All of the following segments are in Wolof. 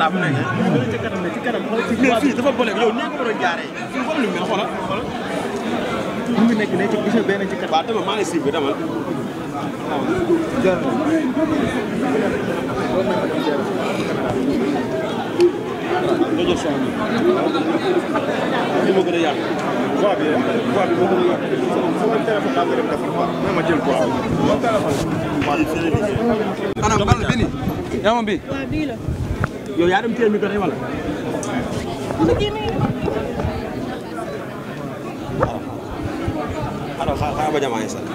portable nekk ci kanam ci kanam mais fii dafa bële yow nii nga ko doon jaaree fii xool lu mel xoolal xoolal mu ngi nekk ne ci gis benn ci kanam waaw dama maa ngi siiw bi dama loolu soxla na li ma gën a yàq. voie bi voie bi boo ko sama téléphone daa nga dem defar quoi même ma jël quoi. waaw téléphone. maanaam bal bi nii. yaa ma bi. waaw bii la. yow yaa dem téye micro yi wala. waaw xaaral xaaral ba jamono sax.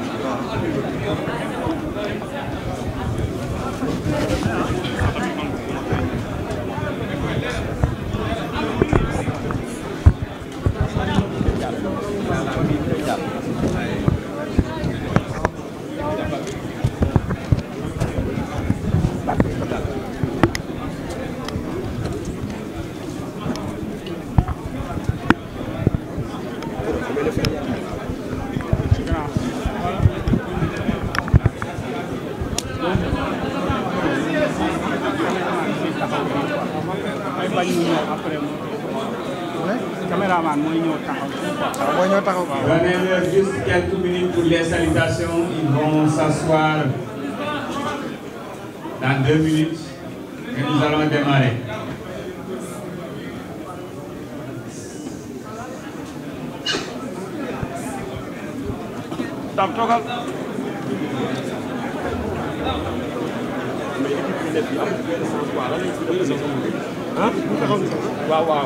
vont s'asseoir dans deux minutes et nous allons démarrer. waaw waaw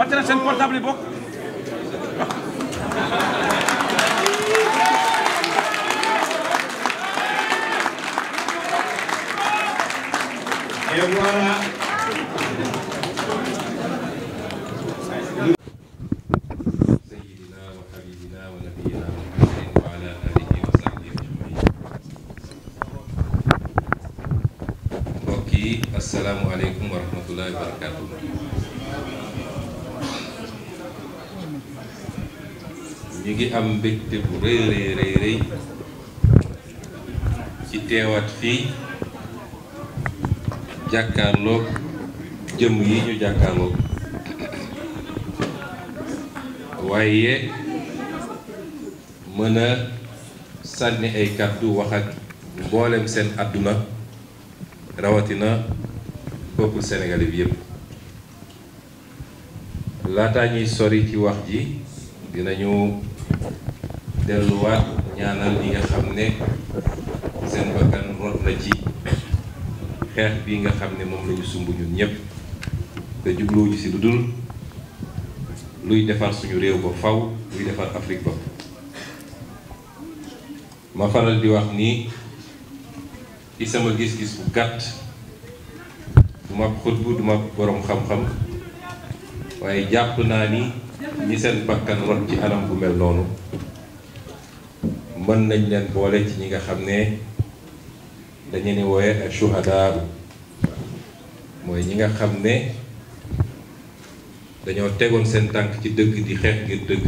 wàcc na seen portable yi bokk. Et am mbégte bu rëy rëy rëy rëy ci teewaat fii jàkkaarloog jëm yi ñu jàkkaarloog waaye mën a sànni ay kàddu wax ak mboolem seen àdduna rawatina peuple sénégalais yépp laataa ñuy sori ci wax ji dinañu delluwaat ñaanal bi nga xam ne seen bakkan rot na ci xeex bi nga xam ne moom la sumb ñun ñëpp te jubluwuñu si lu luy defar suñu réew ba faw luy defar Afrique ba ma faral di wax ni ci sama gis-gis bu gàtt duma xutbu duma boroom xam-xam waaye jàpp naa ni ñi seen bakkan rot ci anam bu mel noonu mën nañ leen boole ci ñi nga xam ne dañu ni wooye ak shuhadaa mooy ñi nga xam ne dañoo tegoon seen tànk ci dëgg di xeex ngir dëgg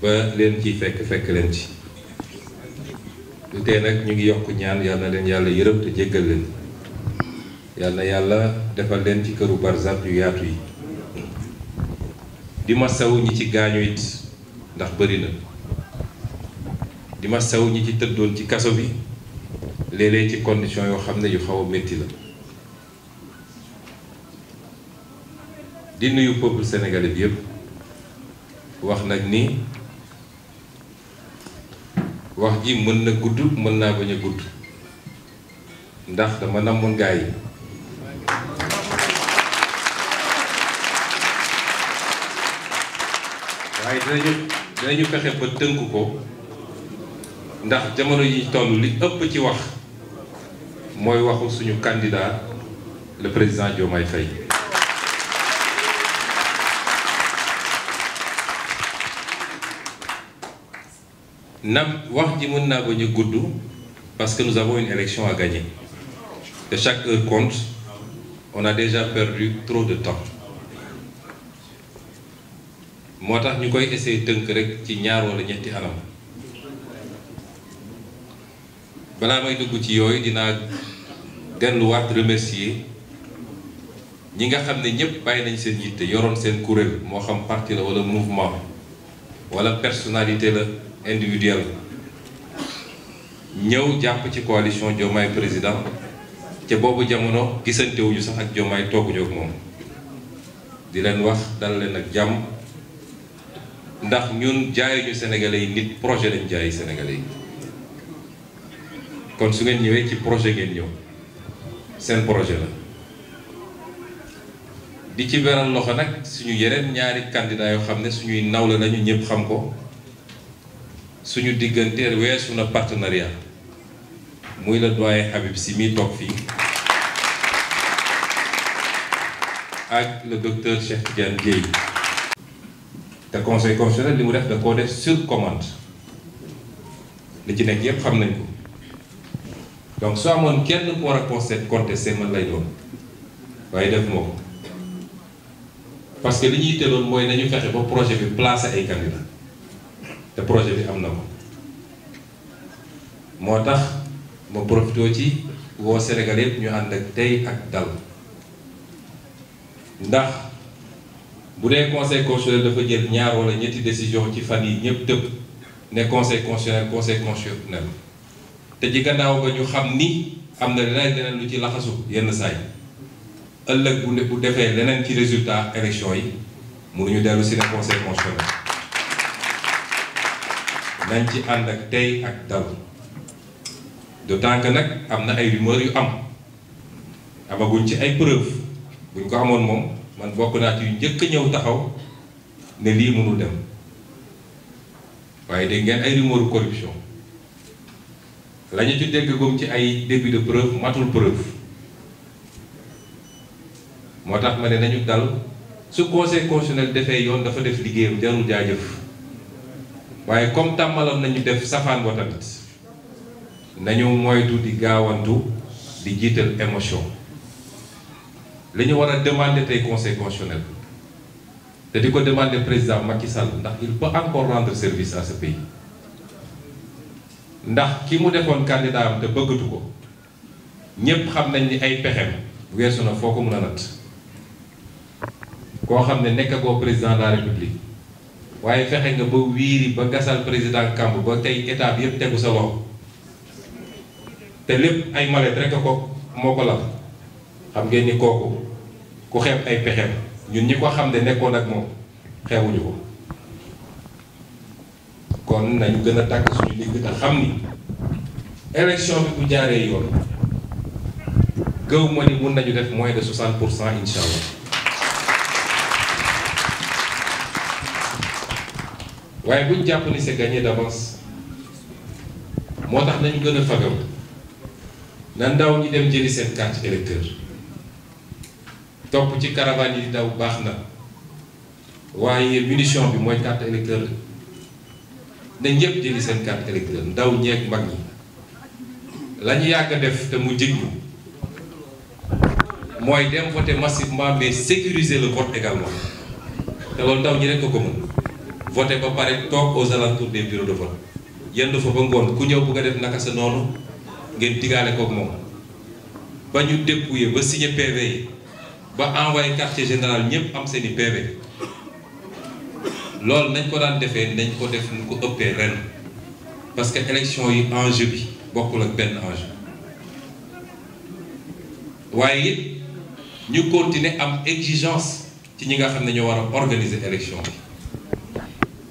ba leen ciy fekk fekk leen ci lu nag ñu ngi yokk ñaan yal na leen yàlla yërëm te jéggal leen yal yàlla defal leen ci këru barzak yu yaatu yi di masawu ñi ci gaañu it ndax bëri na di ma sew ñi ci tëddoon ci kaso bi léeg ci condition yoo xam ne yu xaw a métti la di nuyu peuple sénégalais bi yëpp wax nag ni wax ji mën na gudd mën naa ko a gudd ndax dama namoon gaa yi waaye dinañu dinañu fexe ba tënk ko ndax jamono yi toll li ëpp ci wax mooy waxu suñu candidat le président Diomaye Faye na wax ji mën naa bañ a gudd parce que nous avons une élection à gagner et chaque heure compte on a déjà perdu trop de temps moo tax ñu koy essayer tënk rek ci ñaar wala ñetti anam balaa may dugg ci yooyu dinaa delluwaat remercier ñi nga xam ne ñëpp bàyyi nañ seen yitte yoroon seen kuréel moo xam parti la wala mouvement wala personnalité la individuelle ñëw jàpp ci coalition Diomaye président te boobu jamono gisantewuñu sax ak Diomaye tooguñu ak moom di leen wax dal leen ak jàmm ndax ñun jaayuñu sénégalais yi nit projet lañ jaayi sénégalais yi. kon su ngeen ñëwee ci projet ngeen ñëw seen projet la di ci beral loxo nag suñu yeneen ñaari candidat yoo xam ne suñuy nawle lañu ñëpp xam ko suñu digganteer weesu na partenariat muy la doyen Habib Sy mi toog fii ak le docteur Cheikh Tidiane Dièye te conseil constitutionnel li mu def da koo def sur commande li ci nekk yépp xam nañ ko donc su amoon kenn ku war a conseil contesté man lay doon waaye def moo ko parce que li ñuy teeloon mooy nañu fexe ba projet bi placé ay candidats te projet bi am na ko moo tax ma profité ci woo Sénégal yëpp ñu ànd ak tey ak dal ndax bu dee conseil constitutionnel dafa jël ñaar wala ñetti décision ci fan yi ñëpp tëb ne conseil constitutionnel conseil constitutionnel te ci gannaaw ba ñu xam ni am na leneen lu ci laxasu yenn saay ëllëg bu bu defee leneen ci résultat élection yi mënuñu dellu si ne conseil constitutionnel nañ ci ànd ak tey ak dal d'autant que nag am na ay rumeur yu am amaguñ ci ay preuve buñ ko amoon moom man bokk naat ci yu njëkk ñëw taxaw ne lii mënul dem waaye dégg ngeen ay rumeur corruption lañu ñu ci déggagum ci ay début preuve matul preuve moo tax ma ne nañu dal su conseil constitutionnel defee yoon dafa def liggéeyam jarul jaajëf waaye comme tàmmaloon nañu def safaan wa tamit nañu moytu di gaawantu di jiital émotion li ñu war a demander tey conseil constitutionnel te di ko demander président Macky Sall ndax il peut encore rendre service à ce pays. ndax ki mu defoon candidat am te bëggatu ko ñépp xam nañ ni ay pexem weesu na foo ko mën a natt koo xam ne nekk nekkagoo président de la république waaye fexe nga ba wiiri ba gasal président kamb ba tey état bi yépp tegu sa loxo te lépp ay malet rek ko moo ko lal xam ngeen ni kooku ku xeeb ay pexem ñun ñi ko xam ne nekkoon ak moom xewuñu ko kon nañu gën a tàkk suñu digg te xam ni élection bi bu jaaree yoon gëw ma ni mun nañu def moins de 60 pour cent incha allah waaye buñ jàpp ni c'est gagné d'avance moo tax nañu gën a fagaru na ndaw ñi dem jëli seen carte électeur topp ci caravane yi di daw baax na waaye munition bi mooy carte électeur ne ñëpp jëli seen carte électorale ndaw ñeeg mag ñi la ñu yàgg a def te mu jig ñu mooy dem voter massivement mais sécuriser le vote également te loolu ndaw ñi rek ko ko mën ba pare toog aux alentours des bureaux de vote yendu fa ba ngoon ku ñëw bu nga def naka sa noonu ngeen digaale koog moom ba ñu dépouiller ba signer PV yi ba envoyé quartier général ñëpp am seen i loolu nañ ko daan defee nañ ko def lu ko ëppee ren parce que élection yi enjeu bi bokkul ak benn enjeu waaye it ñu continuer am exigence ci ñi nga xam ne ñoo war a organiser élection bi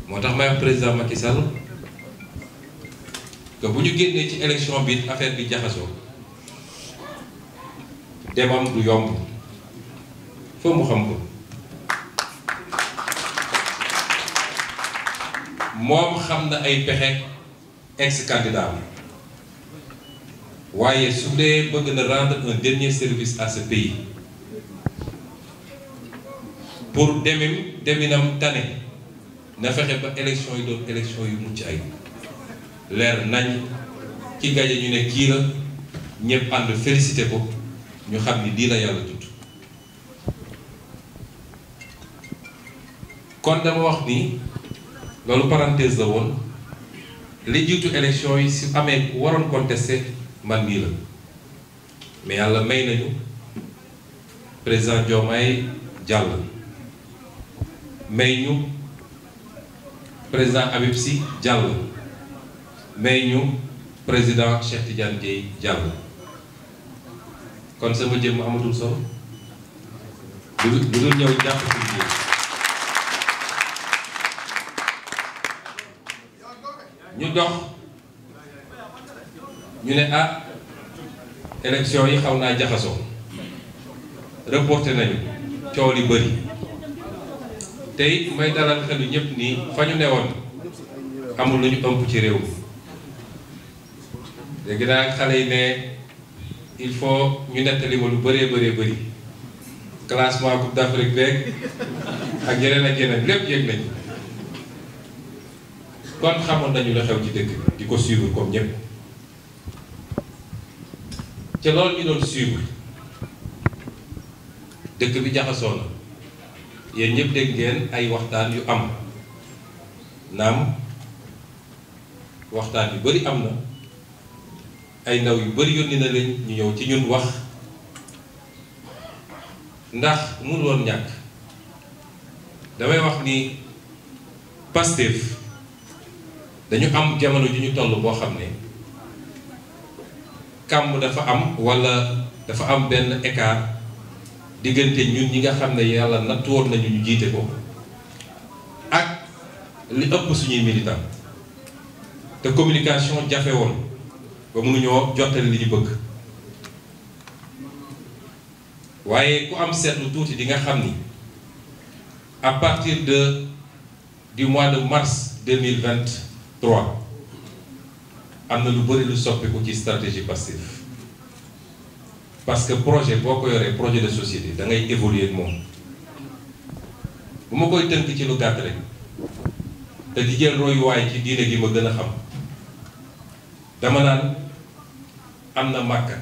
moo tax may wax président Macky Sall que bu ñu génnee ci élection bi affaire bi jaxasoo demam du yomb foo mu xam ko. moom xam na ay pexe ex candidat waaye su dee bëgg na rendre un dernier service à ce pays pour demim deminam tane na fexe ba élection yi doon élection yu mucc ay leer nañ ki gaje ñu ne kii la ñëpp ànd félicité ko ñu xam ni lii la yàlla tudd kon dama wax ni loolu parenthèse la woon li jiitu élection yi si amee ku waroon contesté man nii la mais yàlla may nañu président Diomaye jàll may ñu président Habib si jàll may ñu président Cheikh Tidiane Dièye jàll kon sama jëm amatul solo du dul ñëw jàpp ci ñu dox ñu ne ah élection yi xaw naa jaxasoo reporté nañu coow li bëri tey may dalal xelu ñëpp nii fa ñu woon amul lu ñu ëmp ci réew mi léegi daal xale yi ne il faut ñu nettali ma lu bëree bëree bëri classement coupe d'Afrique beeg ak yeneen ak yeneen lépp yëg nañu. kon xamoon nañu la xew ci dëkk bi di ko suivre comme ñëpp ca loolu ñu doon suivre dëkk bi jaxasoon na yéen ñëpp dégg ngeen ay waxtaan yu am naam waxtaan yu bari am na ay ndaw yu bari yónni na leen ñu ñëw ci ñun wax ndax mënu woon ñàkk damay wax ni Pastef dañu am jamono ju ñu toll boo xam ne kàmm dafa am walla dafa am benn écart diggante ñun ñi nga xam ne yàlla na nattuwoon nañu ñu jiite ko ak li ëpp suñuy militant te communication jafe woon ba mënuñoo jottali li ñu bëgg waaye ku am seetlu tuuti di nga xam ni à partir de du mois de mars deux mille vingt trois am na lu bëri lu soppiku ci stratégie Pastef parce que projet boo ko yoree projet de société da ngay évoluer ak moom bu ma koy tënk ci lu gàtt rek te di jël ci diine gi ma gën a xam dama naan am na Màkka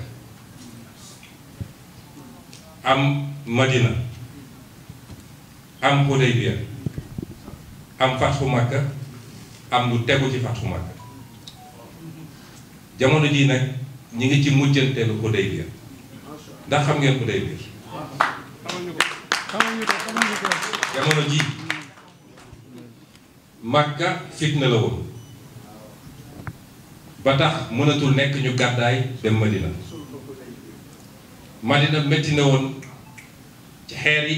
am Madina am Hudaybiya am Fathu Màkka am lu tegu ci fatxu Makka jamono jii nag ñi ngi ci mujjanteelu Hudaybiya ndax xam ngeen Hudaybiya jamono jii Makka fitna la woon ba tax mënatul nekk ñu gàddaay dem Madina Madina métti na woon ci xeer yi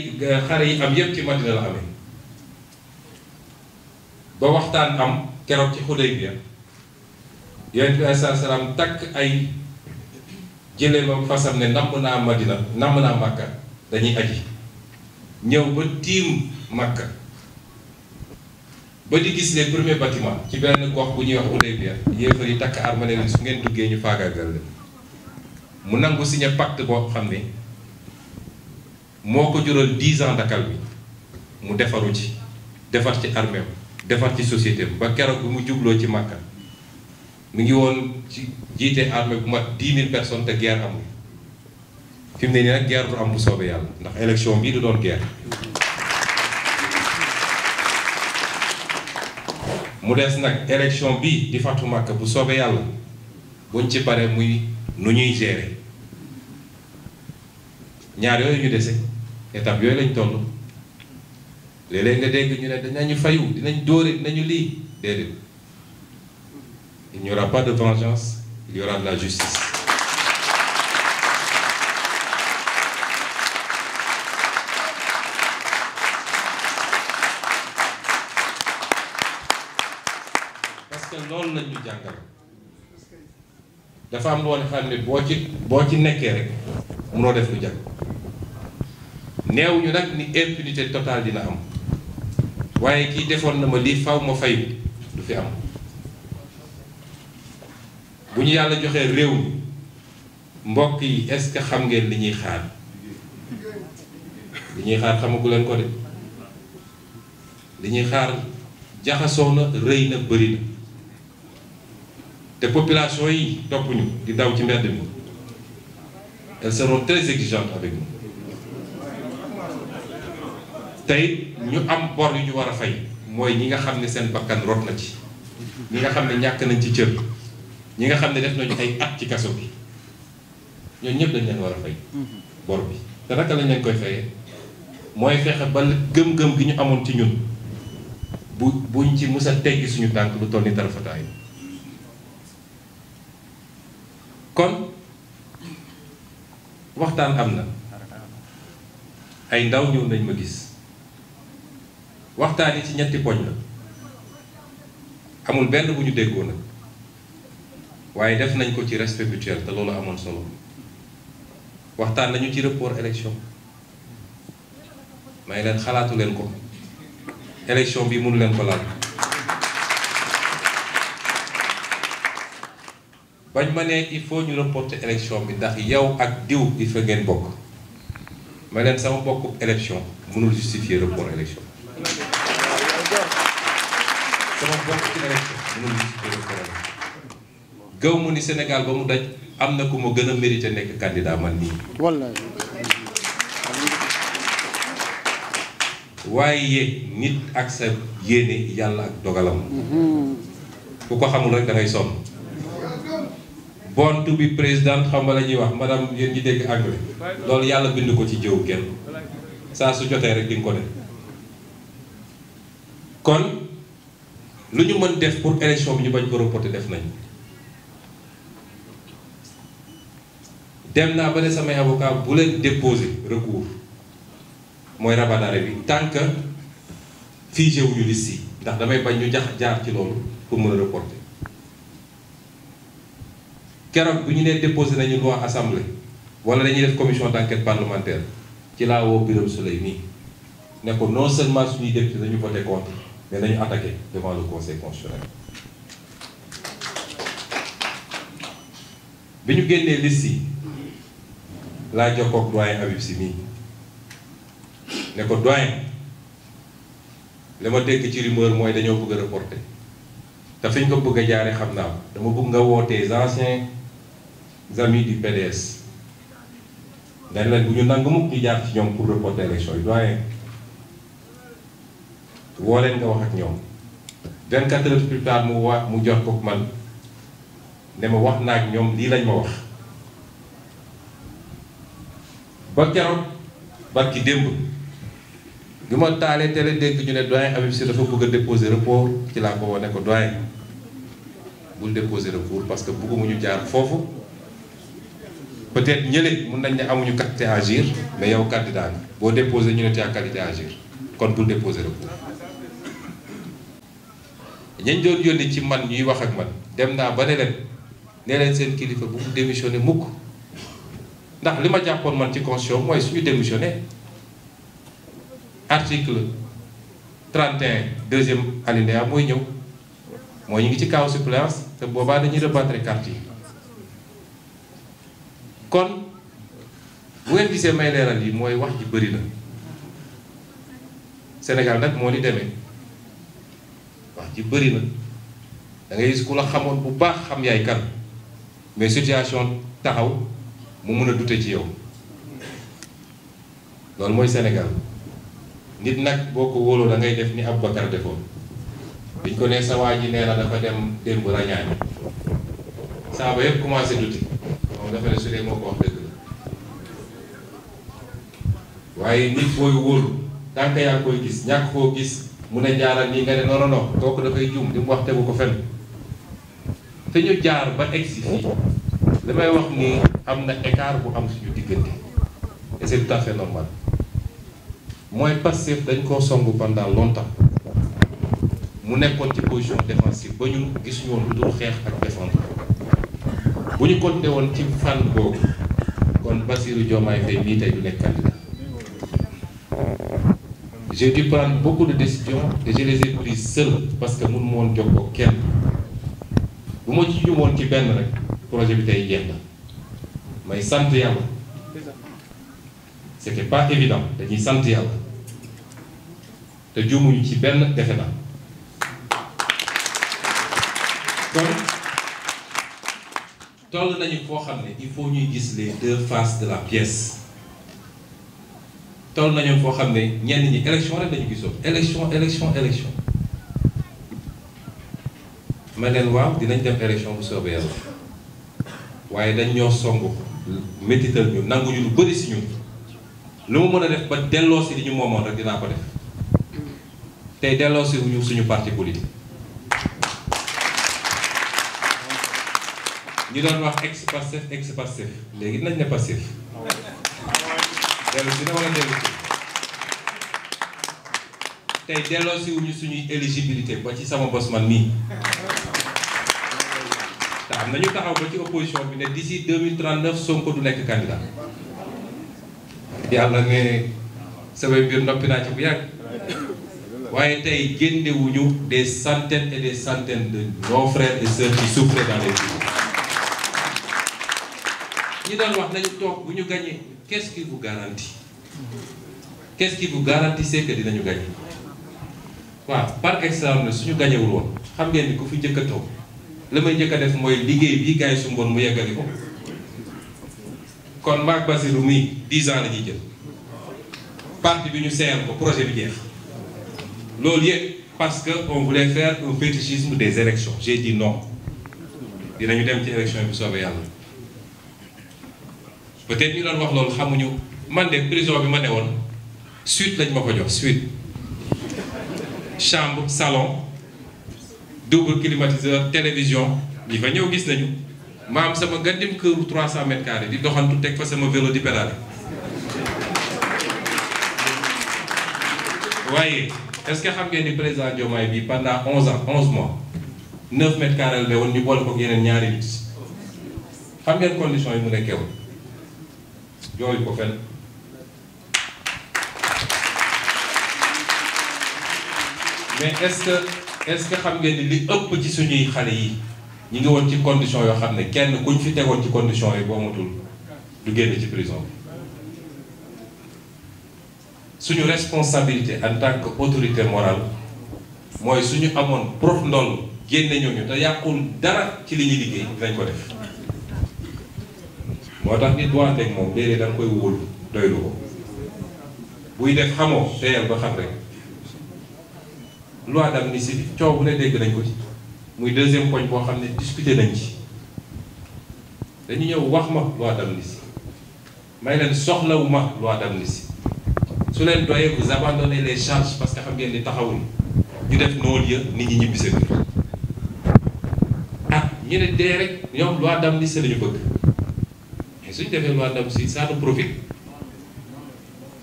xare yi am yépp ci Madina la amee ba waxtaan am keroog ci Xudaybiya yonent bi alayhi salaam takk ay jëlee ba fasam ne namm naa Madina namm naa Makka dañuy aji ñëw ba tiim Makka ba di gis les premiers bâtiments ci benn gox bu ñuy wax Xudaybiya yéefar yi takk arme ne su ngeen duggee ñu faagaagal leen mu nangu signé pacte boo xam ne moo ko jural dix ans dakal bi mu defaru ci defar ci armée defar ci société ba keroog bi mu jubloo ci Màkka mu ngi woon ci jiite armée bu mat 10 000 personnes te guerre amul fi mu ne nii nag guerre du am bu soobee yàlla ndax élection bii du doon guerre. des nag élection bii di fàttu Màkka bu soobee yàlla buñ ci pare muy nu ñuy gérer ñaar yooyu ñu dese étape yooyu lañ toll. léeg-léeg nga dégg ñu ne dinañu fayu dinañ dóore dinañu lii déedéet il pas de vengeance il de la justice parce que loolu lañ ñu jàngal dafa am loo xam ne boo ci boo ci nekkee rek mënoo def lu jàpp néew ñu nag ni impunité totale dina am waaye kii defoon na ma lii faw ma fayu du fi am bu ñu yàlla joxee réew mi mbokk yi est-ce que xam ngeen li ñuy xaar li ñuy xaar xamagu leen ko de li ñuy xaar jaxasoo na rëy na bëri na te population yi toppuñu di daw ci mbedd mi elles seront très exigeantes avec nous tey ñu am bor yu ñu war a fay mooy ñi nga xam ne seen bakkan rot na ci ñi nga xam ne ñàkk nañ ci cër ñi nga xam ne def nañu ay at ci kaso bi ñooñu ñëpp dañ leen war a fay bor bi te naka lañ leen koy fayee mooy fexe ba gëm-gëm gi ñu amoon ci ñun bu buñ ci mus a teggi suñu tànk lu toll ni tarafataayu kon waxtaan am na ay ndaw ñëw nañ ma gis waxtaan yi ci ñetti poñ la amul benn bu ñu déggoo nag waaye def nañ ko ci respect mutuel te loolu amoon solo waxtaan nañu ci report élection may leen xalaatu leen ko élection bi mënu leen ko laal bañ ma ne il faut ñu reporter élection bi ndax yow ak diw di fa ngeen bokk ma leen sama bokku élection mënul justifier report élection sama bopp mu ni senegal ba mu daj am na ku ma gën a mérité nekk candidat man nii. wallaay. waaye nit ak sa yéene yàlla ak dogalam. Mhm. ku ko xamul rek da ngay sonn. bontu bi présidente xam nga la ñuy wax madame yéen ñi dégg anglais loolu yàlla bind ko ci jëw kenn saa su jotee rek di ko def kon. lu ñu mën def pour élection bi ñu bañ ko reporter def nañ dem naa ba ne samay avocat bu leen déposer recours mooy rabat bi tant que figé wuñu liste yi ndax damay bañ ñu jax jaar ci loolu pour mën a reporter keroog bu ñu nee déposé nañu loi assemblée wala dañuy def commission d'enquête parlementaire ci laa woo Birame Souleye nii ne ko non seulement suñuy député dañu voté contre ne nañu attaqué devant le conseil constitutionnel bi ñu génnee liste yi laa jokkoog doyen Habib Sy mii ne ko doyen li ma dégg ci rumeur mooy dañoo bëgg a reporter te fi ñu ko bëgg a jaaree xam naa dama bëgg nga wootee anciens amis du PDS nga ne leen bu ñu nangu mukk ñu jaar ci ñoom pour reporter élection yi doyen. woo leen nga wax ak ñoom 24 heures plus mu waa mu jox ko man ne ma wax naa ak ñoom lii lañ ma wax ba keroog barki démb bi ma taalee télé dégg ñu ne doyen Habib Sy dafa bëgg a déposer recours ci laa ko wane ko doyen bul déposer recours parce que bëgguma ñu jaar foofu peut-être ñële mun nañ ne amuñu qualité à agir mais yow candidat boo déposé ñu ne tu as qualité à agir kon bul déposer recours ñañ doon yónni ci man ñuy wax ak man dem naa ba ne leen ne leen seen kilifa bu mu démissionné mukk ndax li ma jàppoon man ci constitution mooy suñu démissionné article 31 deuxième alinéa mooy ñëw mooy ñu ngi ci kaw suppléance te boobaa dañuy rebattre carte yi kon bu ngeen gisee may leeral yi mooy wax ji bëri na Sénégal nag moo ni demee wax ci bëri na da gis ku la xamoon bu baax xam yaay kan mais situation taxaw mu mun a dute ci yow loolu mooy Sénégal nit nag boo ko wóoloo da ngay def ni Aboubacar defoon biñ ko ne sa waa ji nee na dafa dem démb rañaani saa ba yëpp commencé dute moom dafa su dee moo ko wax dëgg la waaye nit booy wóolu tant que yaa koy gis ñàkk koo gis mu ne jaaral nii nga ne non non kooku dafay juum li mu wax tegu ko fenn te ñu jaar ba egsi fii li wax ni am na écart bu am suñu diggante et c'est tout à normal mooy Pastef dañ koo song pendant longtemps mu nekkoon ci position défensive ba ñu gis woon lu dul xeex ak ko bu ñu continué woon ci fànn boobu kon Bassirou Diomaye Faye nii tey du nekk candidat j'ai dû prendre beaucoup de décisions et je les ai prises parce que mun ma woon jox ko kenn bu ma ci jumoon ci benn rek projet bi tey jeex na may sant yàlla c'était pas évident dañuy sant yàlla te juumuñu ci benn defe na kon toll nañu foo xam ne il faut ñuy gis les deux faces de la pièce toll nañu foo xam ne ñenn ñi élection rek lañu gisoon élection élection élection ma leen waaw dinañ dem élection bu soobee yàlla waaye dañ ñoo song métital ñu nanguñu lu bëri si ñun lu mu mën a def ba delloo si ñu moomoon rek dinaa ko def tey delloo suñu parti politique ñu doon wax ex Pastef ex Pastef léegi dinañ ne Pastef dellu si na wala dellu si tey delloosi wuñu suñuy éligibilité ba ci sama bos man nii te am nañu taxaw ba ci opposition bi ne d'ici 2039 Sonko du nekk candidat yàlla ne samay mbir noppi naa ci bu yàgg waaye tey génnewuñu des centaines et des centaines de nos frères et sœurs qui souffrent dans les rues ñi wax nañu toog bu ñu gagné qu'est-ce qui vous garantit qu'est-ce qui dinañu gañe waaw par extraordinaire suñu gañewul xam ngeen ni ku fi njëkk a toog la may njëkk def mooy liggéey bii gars yi su mboon mu yeggali ko kon Mbac Basirou mii 10 ans la jël parti bi ñu seeyal ko projet bi jeex loolu yëpp parce que on voulait faire un fétichisme des élections j'ai dit non dinañu dem ci élection bi soobee yàlla. peut-être ñu wax loolu xamuñu man de prison bi man ne woon suite lañ ma ko jox suite chambre salon double climatiseur télévision ñi fa ñëw gis nañu ma am sama gandim këru 300 mètres carrés di doxantu teg fa sama vélo di pédale waaye est-ce que xam ngeen ni président Diomaye bi pendant 11 ans 11 mois 9 mètres carrés woon ñu boole ko yeneen ñaari nit xam ngeen condition yi mu nekkee woon jooyu ko fenn mais est-ce que est-ce que xam ngeen ni li ëpp ci suñuy xale yi ñu ngi woon ci condition yoo xam ne kenn kuñ fi tegoon ci condition yi boo matul du génn ci prison bi suñu responsabilité en tant que autorité morale mooy suñu amoon prof ndoll génne ñooñu te yàqul dara ci li ñuy liggéey dinañ ko def moo tax nit bu àndeek moom léeg-léeg koy wóolu doylu ko buy def xamoo teyal ba xam rek loi d'amnistie bi coow bu ne dégg nañ ko ci muy deuxième poñ boo xam ne discuté nañ ci dañu ñëw wax ma loi d'amnistie may leen soxlawu ma loi d'amnistie su leen doyee vous abandonnez les charges parce que xam ngeen ni taxawul ñu def non-lieu nit ñi ñibbi seen ah ñu ne dee rek ñoom loi d'amnistie la ñu bëgg suñ defee loi d'amnistie ça nous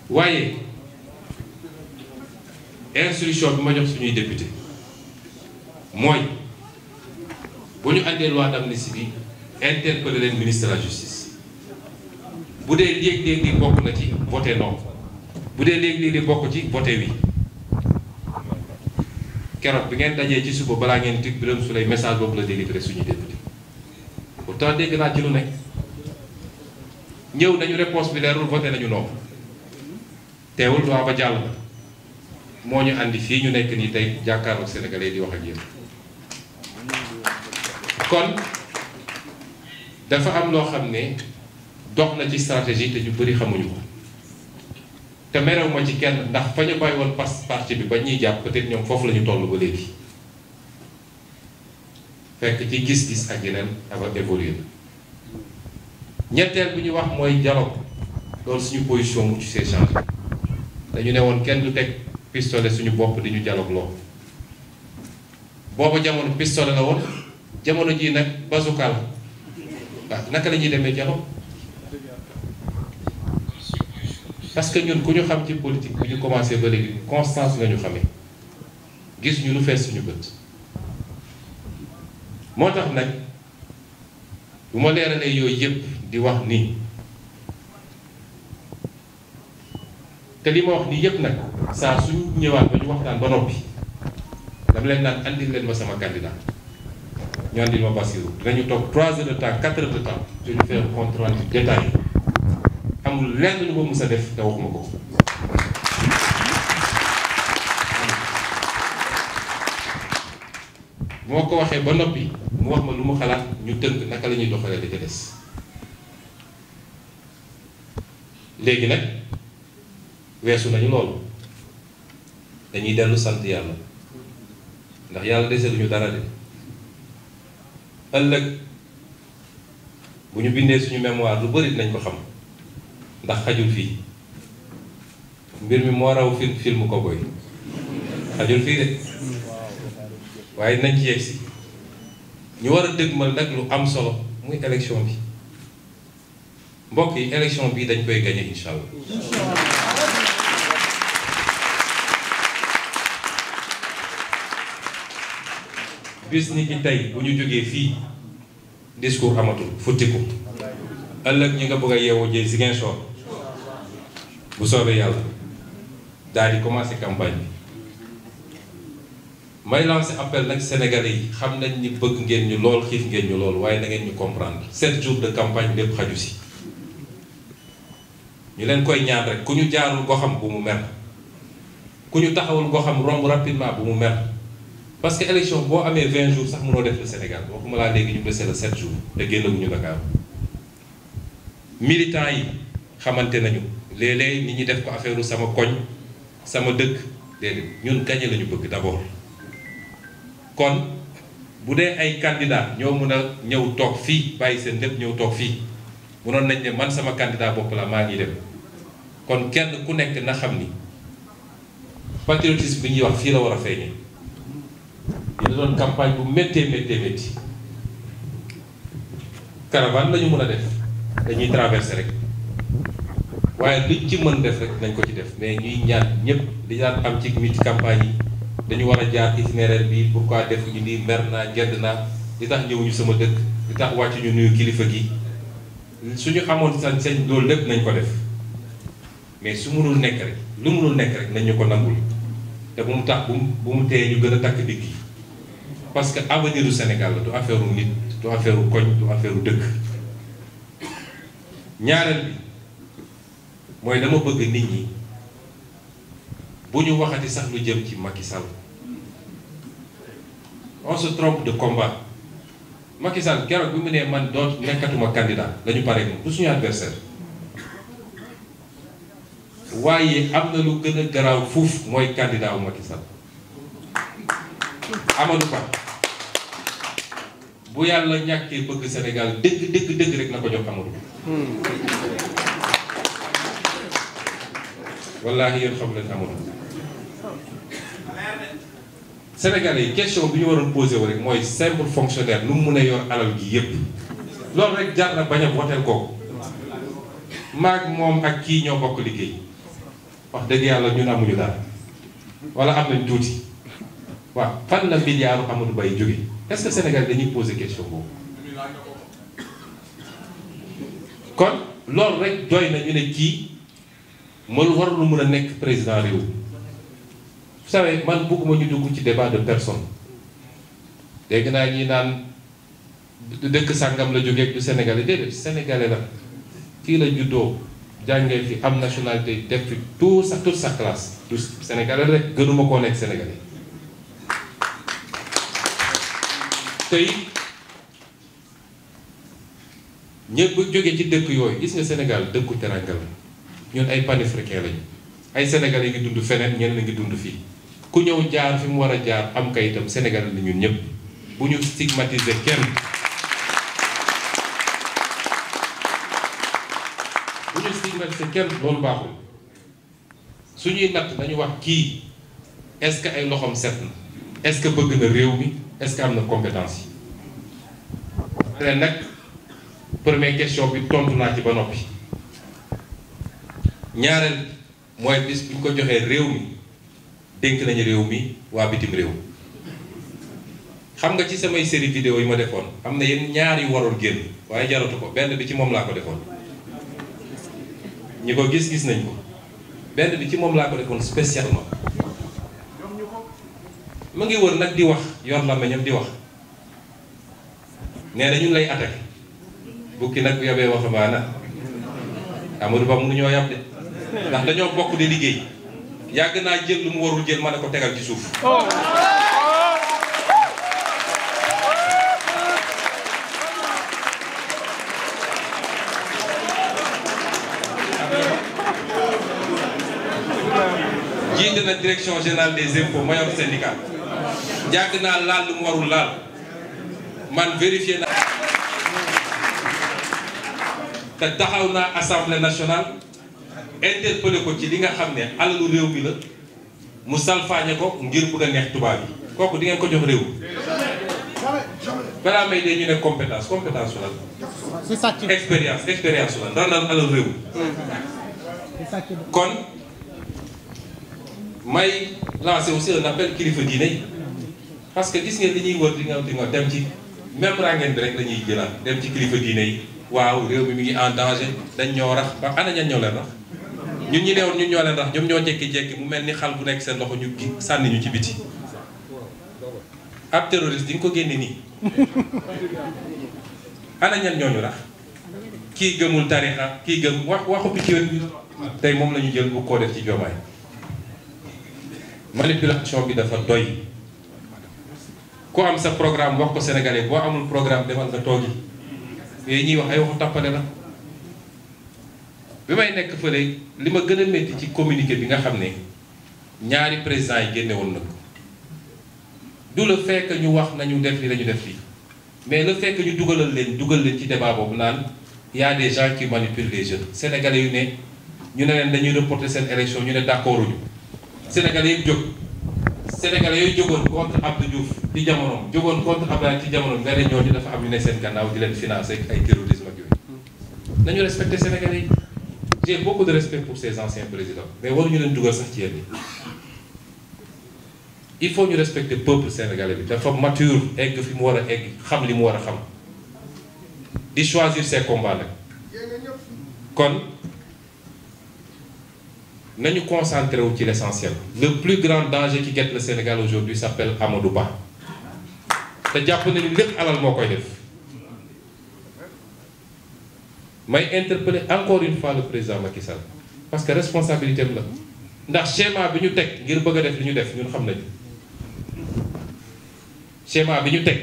waaye instruction bi ma jox suñuy député mooy bu ñu àndee loi d'amnistie bi interpellé leen ministre de la justice bu dee léeg-léeg di bokk na ci voté non bu dee léeg-léeg di bokk ci voté oui keroog bi ngeen dajee ci suba balaa ngeen tig su lay message boobu la délivré suñuy député pourtant dégg naa ci lu ñëw nañu réponse bi leerul voté nañu non teewul loi ba jàll moo ñu andi fii ñu nekk nii tey jàkkaarloog sénégalais di wax ak yéen kon dafa am loo xam ne dox na ci stratégie te ñu bëri xamuñu ko te merew ma ci kenn ndax fa ñu bàyyi woon pas parti bi ba ñuy jàpp peut-être ñoom foofu la ñu toll ba léegi fekk ci gis-gis ak yeneen dafa évolué ñetteel bi ñu wax mooy dialogue loolu suñu position mu ci see changé dañu ne woon kenn du teg pistolet suñu bopp di ñu dialogue loo booba jamono pistolet la woon jamono jii nag bazooka waaw naka la ñuy demee dialogue parce que ñun ku ñu xam ci politique bu ñu commencé ba léegi constance nga ñu xamee gis ñu lu fees suñu bët moo tax nag bu ma leeralee yooyu yëpp di wax nii te li ma wax nii yëpp nag saa suñu ñëwaat ba ñu waxtaan ba noppi dama leen naan andil leen ma sama candidat ñu andil ma Bassirou dinañu toog 3 heures de temps 4 heures de temps te ñu faire compte rendu détaillé amul lenn lu ma mës def te waxuma ko. moo ko waxee ba noppi mu wax ma lu mu xalaat ñu tënk naka la ñuy doxalee da ca léegi nag weesu nañu loolu dañuy dellu sant yàlla ndax yàlla deseluñu dara de ëllëg bu ñu bindee suñu mémoire lu bari dinañ ko xam ndax xajul fii mbir mi moo raw film film ko boy xajul fii de waaye nañ ci yegg si ñu war a dëgg ma nag lu am solo muy élection bi mbokk yi élection bii dañ koy gagné incha allah. bis ni ki bu ñu jógee fii discours amatul futtiku ëllëg ñu nga bëgg a yeewoo jëy Ziguinchor bu soobee yàlla daal di commencé campagne bi may lancé appel nag Sénégalais yi xam nañ ni bëgg ngeen ñu lool xiif ngeen ñu lool waaye na ngeen ñu comprendre sept jours de campagne lépp xaju si. ñu leen koy ñaan rek ku ñu jaarul goxam bu mu mer ku ñu taxawul goxam romb rapidement bu mu mer parce que élection boo amee 20 jours sax mënoo def le Sénégal waxuma laa léegi ñu dese la 7 jours te ñu Dakar militants yi xamante nañu léeg-léeg nit ñi def ko affaire sama koñ sama dëkk léeg ñun gagné lañu ñu bëgg d'abord kon bu dee ay candidat ñoo mën a ñëw toog fii bàyyi seen lépp ñëw toog fii mënoon nañ ne man sama candidat bopp la maa kon kenn ku nekk na xam ni patriotisme bi ñuy wax fii la war a feeñee dina doon campagne bu méttee méttee métti caravane la ñu mën a def dañuy traversé rek waaye luñ ci mën def rek nañ ko ci def mais ñuy ñaan ñëpp li daan am ci mi ci campagne yi dañu war a jaar itinéraire bi pourquoi def ñu nii mer naa gedd naa li tax ñëwuñu sama dëkk li tax wàcc nuyu kilifa gi suñu amoon sañ sañ loolu lépp nañ ko def mais su mënul nekk rek lu mënul nekk rek nañu ko nangul te bu mu tax bu mu bu ñu gën a takk digg yi parce que avenir du Sénégal la du affaire u nit du affaire u koñ du affaire dëkk ñaareel bi mooy dama bëgg nit ñi bu ñu waxati sax lu jëm ci Macky Sall on se de combat Macky Sall bi mu nee man doot nekkatuma candidat la ñu moom du suñu adversaire waaye am na lu gën a garaaw fuuf mooy candidat wu Macky Sall Amadou Ba bu yàlla ñàkkee bëgg Sénégal dëgg dëgg dëgg rek na ko jox Amadou wallaahi yéen xam leen Amadou Sénégalais yi question bi ñu waroon posé wu rek mooy simple fonctionnaire nu mu mun a yor alal gi yépp loolu rek jar na bañ a woteel kooku maag moom ak kii ñoo bokk liggéey wax dëgg yàlla ñun amuñu dara wala am nañ tuuti waaw fan la milliard Amadou Ba ay jóge est-ce que Sénégal dañuy poser question boobu. kon loolu rek doy na ñu ne kii mënu war lu mën a nekk président réew. vous savez man bëgguma ñu dugg ci débat de personne dégg naa ñi naan dëkk sàngam la jógee du Sénégalais déedéet Sénégalais la fii la juddoo. jàngee fi am nationalité def fi tout sa toute sa classe du sénégalais rek gënuma koo nekk sénégalais tey ñëpp jóge ci dëkk yooyu gis nga Sénégal dëkku teranga la ñun ay panafricain lañu ay sénégalais yi ngi dund feneen ñeneen la ngi fii ku ñëw jaar fi mu war a jaar am kayitam sénégalais la ñun ñëpp bu ñu stigmatiser kenn complexe kenn loolu baaxul suñuy natt dañu wax kii est-ce que ay loxoom set na est-ce que bëgg na réew mi est am na compétence yi leen nag première question bi tontu naa ci ba noppi ñaareel mooy bis bu ñu ko joxee réew mi dénk nañu réew mi waa bitim réew xam nga ci samay série vidéo yi ma defoon am na yenn ñaari yu waroon génn waaye jaratu ko benn bi ci moom laa ko defoon ñi ko gis gis nañ ko benn bi ci moom laa ko defoon spécialement mu ngi wër nag di wax yor la meñam di wax nee na ñu ngi lay attaqué bukki nag bu yobee waxambaana Amadou Ba mu ñoo yab de ndax dañoo bokk di liggéey yàgg naa jël lu mu warul jël man a ko tegal ci suuf. la direction générale des impôts ma yor jàgg naa laal lu mu warul laal man vérifier naa te taxaw naa assemblée nationale interpellé ko ci li nga xam ne alalu réew mi la mu salfaañe ko ngir bëgg a neex tubaab yi kooku di ko jox réew balaa may dee ñu ne compétence compétence su la expérience expérience su la ndax alalu réew kon may lancer aussi un appel kilifa diine yi parce que gis ngeen li ñuy wër di nga di nga dem ci même ràngeen bi rek la ñuy dem ci kilifa diine yi waaw réew mi mi ngi en danger dañ ñoo rax ba ana ñan ñoo leen rax ñun ñi newoon ñun ñoo leen rax ñoom ñoo jekki-jekki mu mel ni xal bu nekk seen loxo ñu gi sànniñu ci biti ab terroriste di nga ko génne nii ana ñan ñoo ñu rax kii gëmul tarixa kii gëm wax waxu bi ci tey moom la ñu jël bu koo def ci joomaay manipulation bi dafa doy ku am sa programme wax ko sénégalais boo amul programme demal nga toogi yooyu ñuy wax ay waxu tàppale la bi may nekk fële li ma gën a métti ci communiqué bi nga xam ne ñaari président yi génne woon na ko du le fait ñu wax nañu def li lañu def fii mais le fekk ñu dugalal leen dugal leen ci débat boobu naan y a des gens qui manipulent les jeunes sénégalais yu ne ñu ne leen dañuy reporter seen élection ñu ne d'accorduñu sénégalais yëpp jóg sénégalais yooyu jógoon contre Abdou Diouf ci jamonoom jógoon contre Abdoulaye ci jamonoom nga ne ñooñu dafa am ñu ne seen gannaaw di leen financé ay terrorisme ak yooyu nañu respecté sénégalais yi j'ai beaucoup de respect pour ces anciens présidents mais waruñu leen dugal sax ci yenn yi il faut ñu respecter peuple sénégalais bi dafa mature egg fi mu war a egg xam li mu war a xam di choisir ses combats kon nañu concentré wu ci l'essentiel le plus grand danger qui guette le Sénégal aujourd'hui s'appelle Amadou Ba te jàpp na lépp alal moo koy def may interpeller encore une fois président Macky Sall parce que responsabilité am la ndax schéma bi ñu teg ngir bëgg a def li ñu def ñun xam nañu schéma bi ñu teg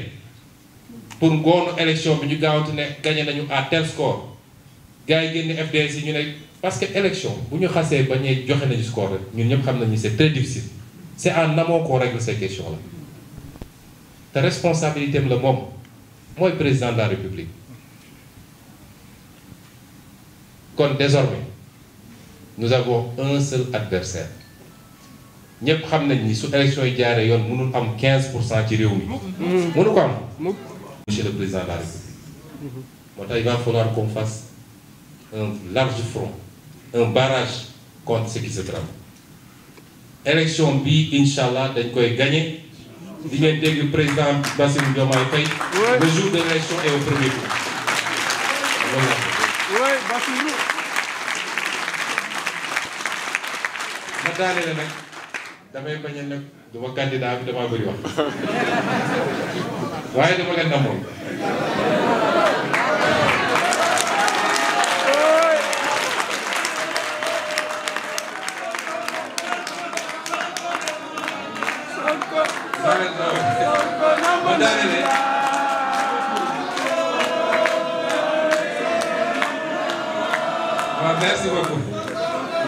pour ngoonu élection bi ñu gaawante ne gagné nañu à tel score gars yi génn FDS yi ñu ne. parce que élection bu ñu xasee ba ñuy joxe nañu score rek ñun ñëpp xam nañu c'est très difficile c'est en amont qu'on règle ces questions là te responsabilité am la moom mooy président de kon désormais nous avons un seul adversaire ñëpp xam nañ ni su élection yi jaaree yoon mënul am quinze pour cent ci réew mi. mënu ko am. monsieur le président la république. moo tax il va falloir qu'on fasse un large front un barrage contre ce qui se trame bi incha dañ koy gagné di ngeen dégg président Bassirou Diomaye Faye le jour de l'élection est au premier tour ma daane nag damay bañ nag duma candidat bi damaa bëri wax waaye dama leen amoon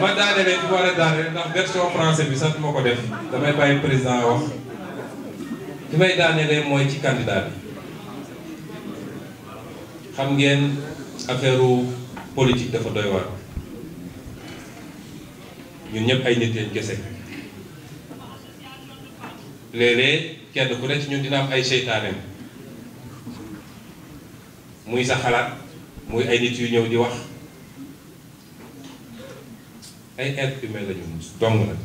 ma daanelee ci war a daaneel ndax version français bi sax ma ko def damay bàyyi président wax fi may daanelee mooy ci candidat bi xam ngeen affaire politique dafa doy waar ñun ñëpp ay nit lañ kese léeg-léeg kenn ku ne ci ñun am ay seytaaneem muy sa xalaat muy ay nit yu ñëw di wax ay être humain la ñu dong nag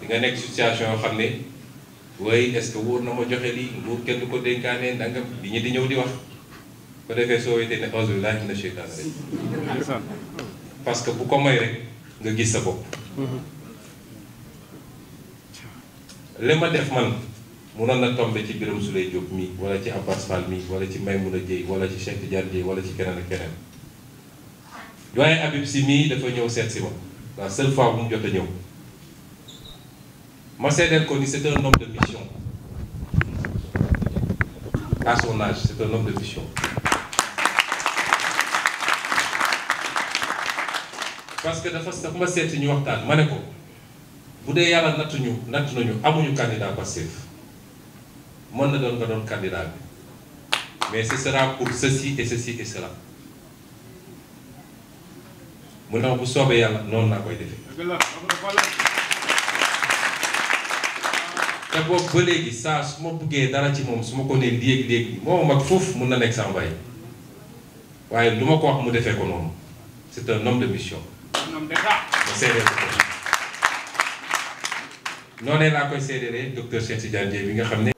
di nga nekk situation yoo xam ne waaye est-ce que wóor na ma joxe lii nguur kenn du ko dénkaane ndangam li ñu di ñëw di wax ko defee soo wéetee ne auzu billaahi mina sheytaani rek parce que bu ko may rek nga gis sa bopp li ma def man noon na tombe ci Birame Souleye Diop mi wala ci Abbas Fall mi wala ci Maymouna Dieye wala ci Cheikh Tidiane Dieye wala ci keneen ak keneen doyen Habib si mii dafa ñëw seet si ma la seule fois bu mu jot a ñëw ma seedeel ko ni c'est un de mission à son que dafa dafa ma seet ñu waxtaan ma ne ko bu dee yàlla nattuñu natt nañu amuñu candidat passif mën na doon nga doon candidat bi mais ce pour ceci et ceci et cela mu ndax bu soobee yàlla noonu naa koy defee te boobu ba léegi saa su ma buggee dara ci moom su ma ko nee léegi léegi moo mag foofu mun na nekk sama baay waaye lu ma ko wax mu defee ko noonu c'est un homme de mission ma seedee ko noonee laa koy seedee docteur Cheikh Tidiane Dièye bi nga xam ne